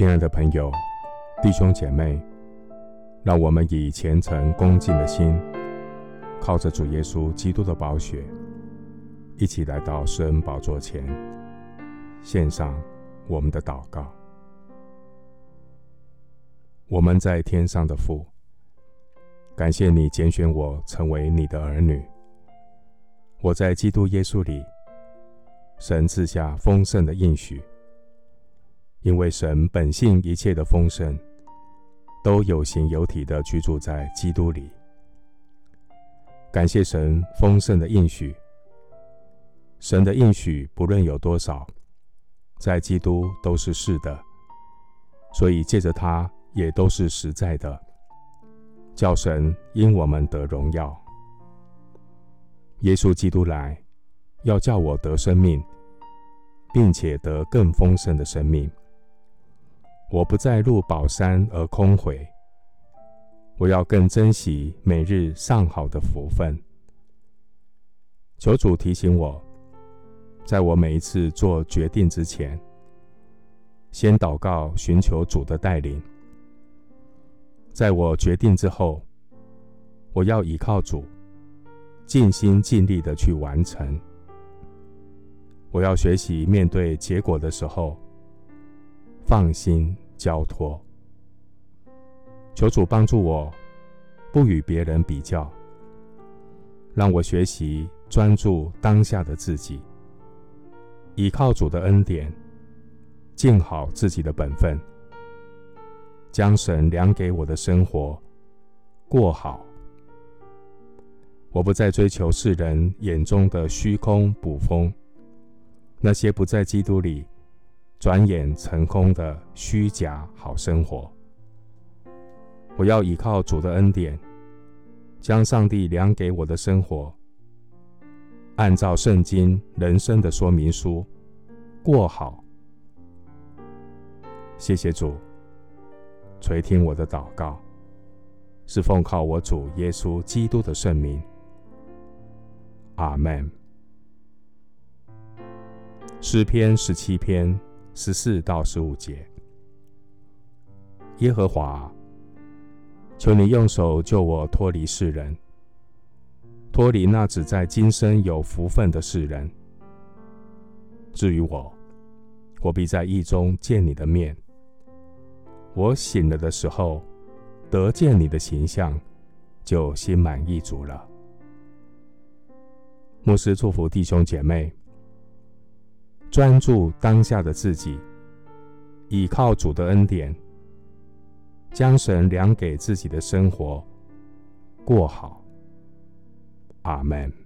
親愛的朋友、弟兄姐妹，讓我們以虔誠恭敬的心，靠着主耶穌基督的寶血，一起來到施恩寶座前，獻上我們的禱告。我們在天上的父，感謝你揀選我成為你的兒女。我在基督耶穌裡，神賜下豐盛的應許。因為神本性一切的豐盛，都有形有體的居住在基督裡。感謝神豐盛的應許，神的應許不論有多少，在基督都是是的，所以借着他也都是實在的，叫神因我們得榮耀。耶穌基督來，要叫我得生命，並且得更豐盛的生命。我不再入寶山而空回，我要更珍惜每日上好的福分。求主提醒我，在我每一次做決定之前，先禱告尋求主的帶領。在我決定之後，我要倚靠主，盡心盡力地去完成。我要學習面對結果的時候，放心交托，求主幫助我，不與別人比較，讓我學習專注當下的自己，倚靠主的恩典，盡好自己的本分，將神量給我的生活過好。我不再追求世人眼中的虛空捕風，那些不在基督裡。轉眼成空的虛假好生活，我要倚靠主的恩典，將上帝量給我的生活，按照聖經人生的說明書過好。謝謝主垂聽我的禱告，是奉靠我主耶穌基督的聖名。阿門。詩篇十七篇。十四到十五節，耶和華，求你用手救我脫離世人，脫離那只在今生有福分的世人。至於我，我必在意中見你的面。我醒了的時候，得見你的形象，就心滿意足了。牧師祝福弟兄姐妹。專注當下的自己，倚靠主的恩典，將神量給自己的生活，過好。阿們。